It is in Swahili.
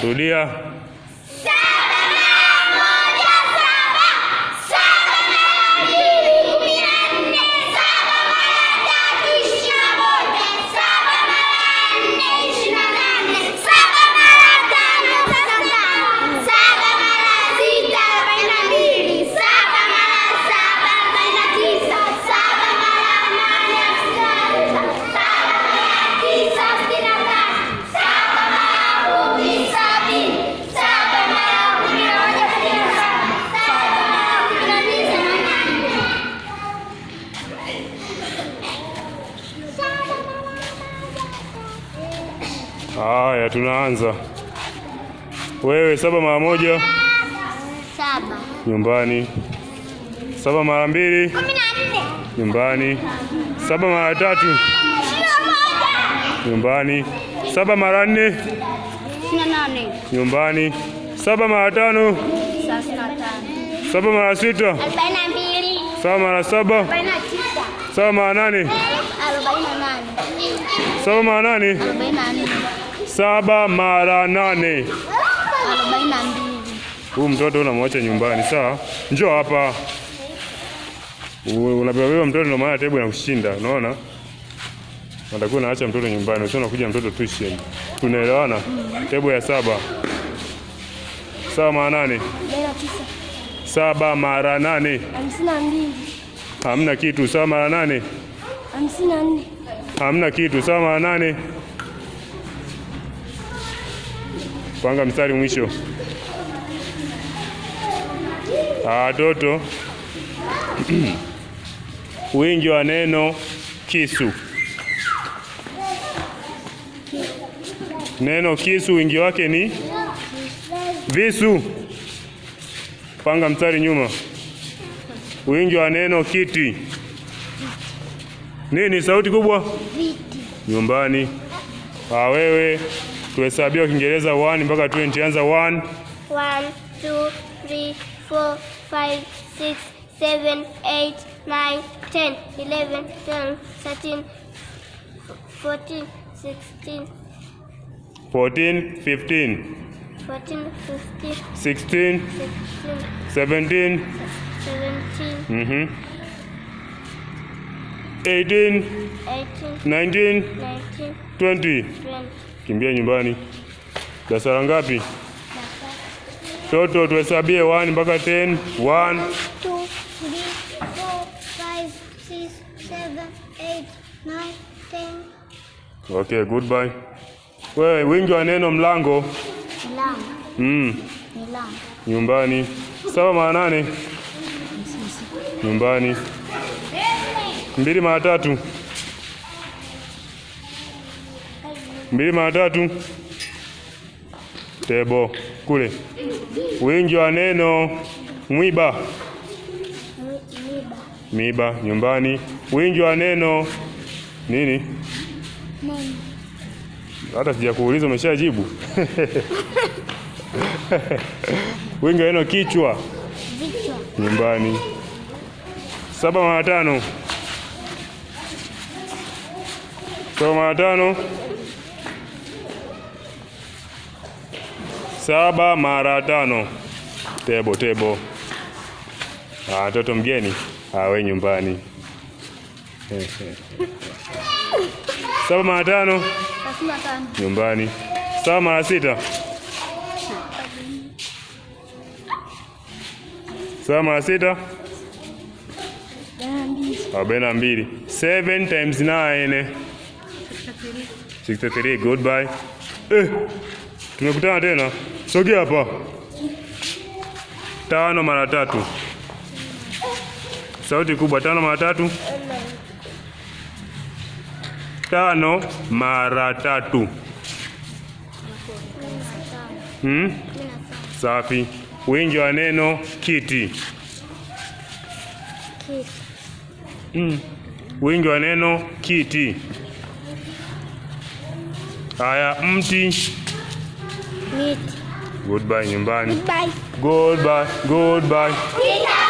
Tulia. Haya, tunaanza. Wewe saba mara moja saba, nyumbani. Saba mara mbili nyumbani. Saba mara tatu nyumbani. Saba mara nne nyumbani. Saba mara tano saba mara sita saba mara saba saba mara nane saba mara nane saba mara nane huu mtoto unamwacha nyumbani, sawa? Njoo hapa, unabebabeba mtoto, ndio maana tebu inakushinda. Unaona, unatakiwa unaacha mtoto nyumbani, usio unakuja mtoto tuition. Tunaelewana? mm. Mm-hmm. Tebu ya saba sawa mara nane saba mara nane hamna kitu. Sawa mara nane hamna kitu. Sawa mara nane panga mstari mwisho. Watoto ah, wingi wa neno kisu. Neno kisu wingi wake ni visu. Panga mstari nyuma. Wingi wa neno kiti. Nini sauti kubwa? Viti. Nyumbani. Ah, wewe Tuhesabia Kiingereza 1 mpaka 20. Anza 1. 1 2 3 4 5 6 7 8 9 10 11 12 13 14 16 14 15 14 15 16 16 17 17 Mhm. 18 18 19 19 20 20 kimbia nyumbani. Darasa la ngapi? Toto tuhesabie 1 mpaka 10. 1 2 3 4 5 6 7 8 9 10. Okay, goodbye. Wewe wingi wa neno mlango. Mlango. Mm. Mlango. Nyumbani. Sawa mara nane. Nyumbani. Mbili mara tatu. mbili mara tatu tebo kule. Wingi wa neno mwiba, miba nyumbani. Wingi wa neno nini? Hata sijakuuliza umeshajibu. Wingi wa neno kichwa, nyumbani. Saba mara tano, saba mara tano Saba mara tano. Tebo tebo. Ah, toto mgeni ah, nyumbani. Saba mara tano nyumbani. Saba mara sita. Saba mara sita arobaini ah, na mbili. Seven times nine. 63 63. Goodbye. Eh. Tumekutana tena, sogea hapa. Tano mara tatu, sauti kubwa. Tano mara tatu, tano mara tatu. Hmm? Safi. Wingi wa neno kiti. Mm. Wingi wa neno kiti. Haya, mti Meet. Goodbye nyumbani. Goodbye. Goodbye. Goodbye.